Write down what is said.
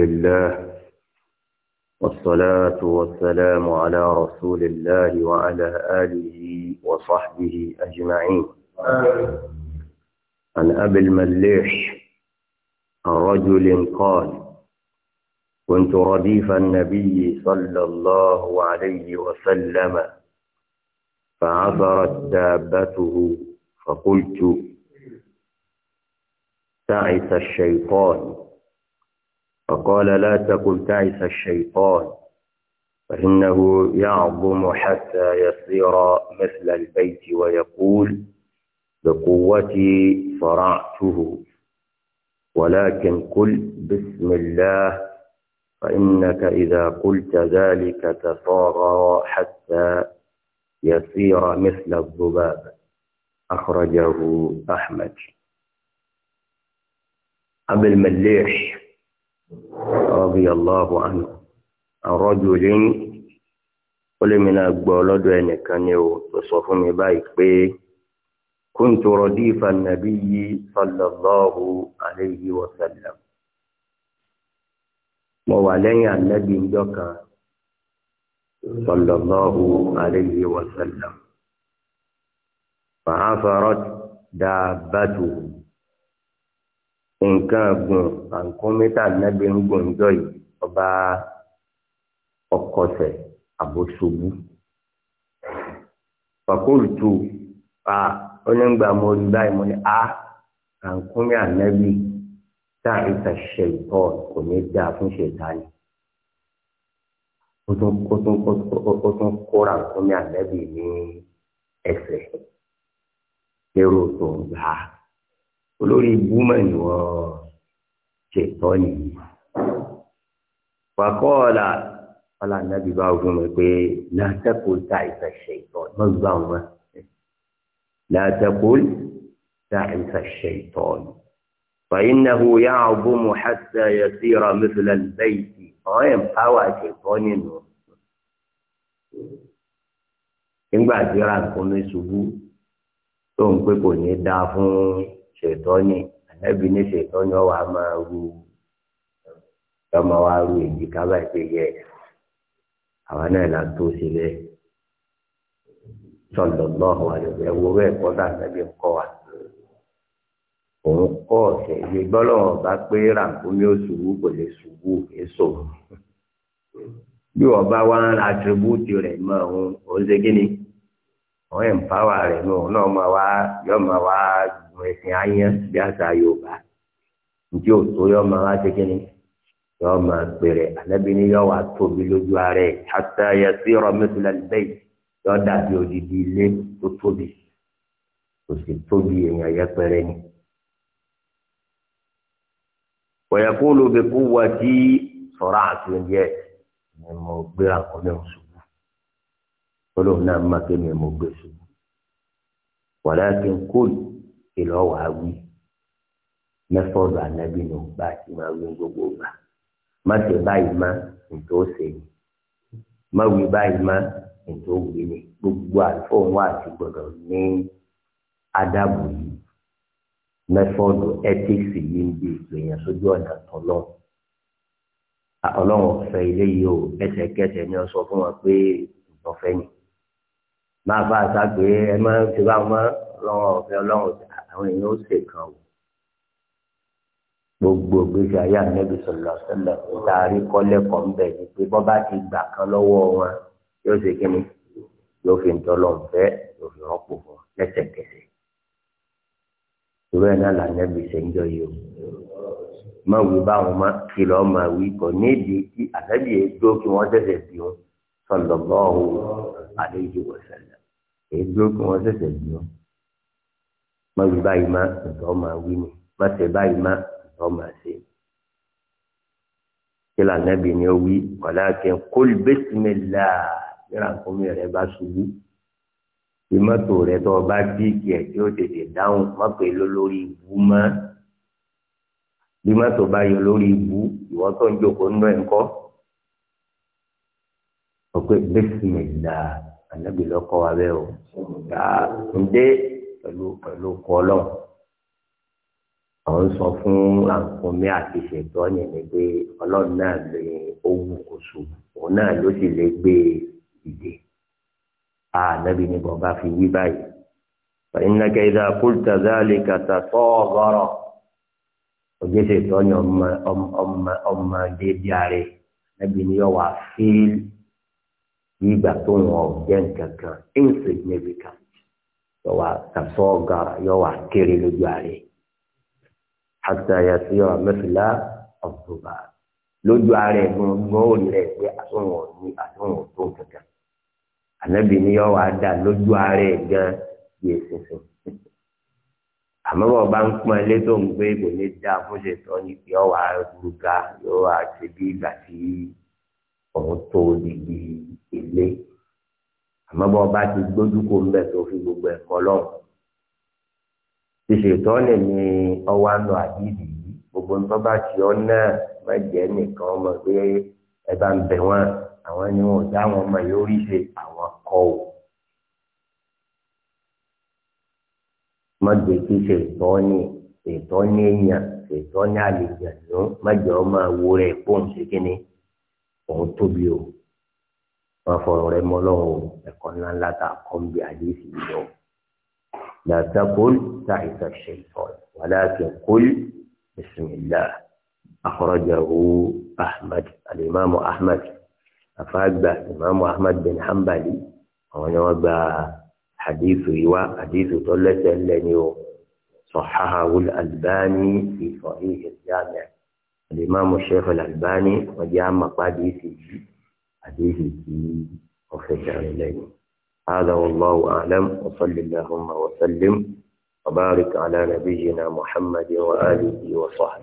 لله والصلاة والسلام على رسول الله وعلى آله وصحبه أجمعين عن أبي المليح عن رجل قال كنت رديف النبي صلى الله عليه وسلم فعثرت دابته فقلت تعس الشيطان وقال لا تكن تعس الشيطان فإنه يعظم حتى يصير مثل البيت ويقول بقوتي صرعته ولكن قل بسم الله فإنك إذا قلت ذلك تصاغر حتى يصير مثل الذباب أخرجه أحمد قبل المليح radiyallahu anhu ar-rajulin ó lè mi náà gbọ́ lọ́dọ̀ ẹnìkan ni o tó sọ fún mi báyìí pé kuntu radifa an-nabiyyi sallallahu alayhi wa sallam mo wà lẹ́yìn ànábì ńjọ́ kan sallallahu alayhi wa sallam fa'afarat dabbatuhu nǹkan gùn àǹkómítà nábì ń gùn jọ yìí ọba ọkọsẹ̀ àbóṣubú. fàkóòtù a onígbà mo rí báyìí mo ní a àǹkómí ànábì tá ìta ṣe ìtọ́ kò ní dáa fún ṣètánì. ó tún kóra àǹkómí ànábì ní ẹsẹ̀. èrò tó ń gbà á olórí búmọ̀ ni wọ́n ṣètọ́ nìyí. wàkọ́ọ̀là ọ̀là nàbí bá wù mí pé látẹ́kùn tá ìfẹ́ ṣètọ́ mọ́gbù bá wọn. látẹ́kùn tá ìfẹ́ ṣètọ́ ni. فإنه يعظم حتى يصير مثل البيت ọ̀rẹ́ ìpáwà ṣètọ́ nínú nígbà tí ra nǹkan mi ṣubú tó ń pé kò ní dáa fún ṣètọ́ni ànábì ní ṣètọ́ni ọwọ́ a máa ru ọmọ wa ru èyí kábà pé yẹ àwa náà là ń tó ṣe bẹ́ẹ̀ sọlọ́lọ́ wa lè fẹ́ wo bẹ́ẹ̀ kọ́ tá ànábì ń kọ́ wa òun kọ́ ọ̀sẹ̀ ìgbé gbọ́lọ́wọ́ bá pé ràǹkúmí ó ṣubú kò lè ṣubú èso bí wọ́n bá wá ń atribútì rẹ̀ mọ́ òun òun ṣe kí ni wọ́n empower rẹ̀ nù náà máa wá yọ máa wá àwọn ẹ̀sìn ayán bí àṣà Yorùbá njẹ òtó yọ máa wá ṣe kíni yọ máa pèrè ànábi ni yọ wá tóbi lójú ara ẹ hatta yasira mithla al-bayt yọ dàbí odidi ilé tó tóbi kò sì tóbi èèyàn yẹpẹrẹ ni. wa yaqulu bi quwwati sara'tu ẹ̀ ni mo gbé àkọlẹ́ oṣù olóhùn náà má kémi mo gbé ṣubú wàlá kí n kí lọ́ wàá wí mẹ́fọ́ọ̀dù ànábì ló ń bá ti máa wí gbogbo gbà má ṣe báyìí má nítò ṣe ni má wí báyìí má nítò wí ni gbogbo àlùfóònù wa ti gbọdọ̀ ní adábù yìí mẹ́fọ́ọ̀dù ẹ́tíìsì yìí ń di ìpèyàn sójú ọ̀nà tọ́lọ́ ọlọ́run ọ̀fẹ́ ilé yìí o ẹsẹ̀kẹsẹ̀ ni wọ́n sọ fún wọn pé ọ̀fẹ́ ni máa bá a sá pé ẹ má ṣe bá wọn ọlọ́run ọ̀fẹ́ ọlọ́run àwọn èèyàn ó ṣe kan o gbogbo gbèsè ayé ànábi sọlọ sọlọ ìtaari kọlẹkọ ńbẹ ni pé bọba ti gbà kan lọ́wọ́ wọn yóò ṣe kí ni yóò fi ń tọlọ ńfẹ́ yóò fi rọ́pò fún lẹ́sẹ̀kẹsẹ̀ irú ẹ̀ náà làǹdẹ́bí ṣe ń jọ yìí o má wí báwọn má kìlọ̀ má wí kọ́ nídìí tí ànábì yẹn dó kí wọ́n ṣẹ̀ṣẹ̀ bí wọn sọlọ bọ́ọ̀hún àlejò wọ̀ṣẹ̀lẹ̀ èyí dó kí wọ́n ṣẹ̀ṣẹ̀ bí wọn má wí báyìí má ǹtọ́ máa wí ni má ṣe báyìí má ǹtọ́ máa ṣe. kílà nẹ́bí ni ó wí wàlákin kul bismillah yíra nkómi rẹ̀ bá ṣubú ìmọ́tò rẹ̀ tó bá bí kìí tí ó tètè dáhùn má pè lólórí ibú má bí mọ́tò bá yọ lórí ibú ìwọ́ tó ń jókòó nínú ẹ̀ ń ọ̀pẹ bismillah ànábì lọ́kọ́ wa bẹ́ẹ̀ o ǹdẹ́ pẹ̀lú pẹ̀lú kọlọ àwọn sọ fún àǹfọ̀mí àti ṣètò ọ̀yàn ni pé ọlọ́run náà lè owó kò sùn òun náà ló sì lè gbé e ìdè ànábì ni bọ̀ọ̀bá fi wí báyìí فإنك إذا قلت ذلك تصاغر òjèṣe ìtọ́yàn ọmọ ọmọ ọmọ déédéé ààrẹ ẹbí ni yọ wá fíìl ìgbà tó wọn ò jẹ́ nǹkan kan insignificant yọwà tàṣọ gara yọwà kéré lójú ààrẹ hatta yasira mẹfìlá ọ̀tọ̀bà lójú ààrẹ gbọ̀ngbọ̀n ò rẹ̀ pé àtúnwò ní àtúnwò tó kankan ànábì ni yọwà dà lójú ààrẹ gan bí eṣinṣin àmọ́ bọ̀ bá ń pọn ilé tó ń gbé kò ní dáa fún ṣe tọ́ ni yọwà gbúga yọwà ṣe bí ìgbà tí òun tó di ilé àmọ́ bọ́ ọba ti gbójú kó ń bẹ̀ tó fi gbogbo ẹ̀kọ́ lọ́wọ́ ìṣètọ́ lè ní ọwọ́ àánú àdìdì yìí gbogbo nǹkan bá ti ọ náà nìkan ọmọ pé ẹ bá ń bẹ̀ wọ́n àwọn ni wọn ò dá àwọn ọmọ yìí orí ṣe àwọn kọ ò. má kí ṣètọ́ ní ṣètọ́ ní èèyàn ṣètọ́ ní àlejò àná má ọmọ àwo rẹ̀ pọ́ùn ṣe kínní òun tóbi o wọn fọ̀rọ̀ rẹ̀ mọ́ lọ́wọ́ ẹ̀kọ́ ńlá ńlá tá a kọ́ ń bí àdéhìí yọ. làtàkùn táìsà ṣètọ́n wàláàkì kùl bisimilá akọrọjàwó ahmed alimami ahmed afaagba imaamu ahmed bin hanbali àwọn ni wọn gba àdéhìí yìí wá àdéhìí tó lẹ́sẹ̀ lẹ́ni o صححه الألباني في صحيح الجامع الإمام الشيخ الألباني وجامع قاديسي الدين وفق عليه هذا والله أعلم وصل اللهم وسلم وبارك على نبينا محمد وآله وصحبه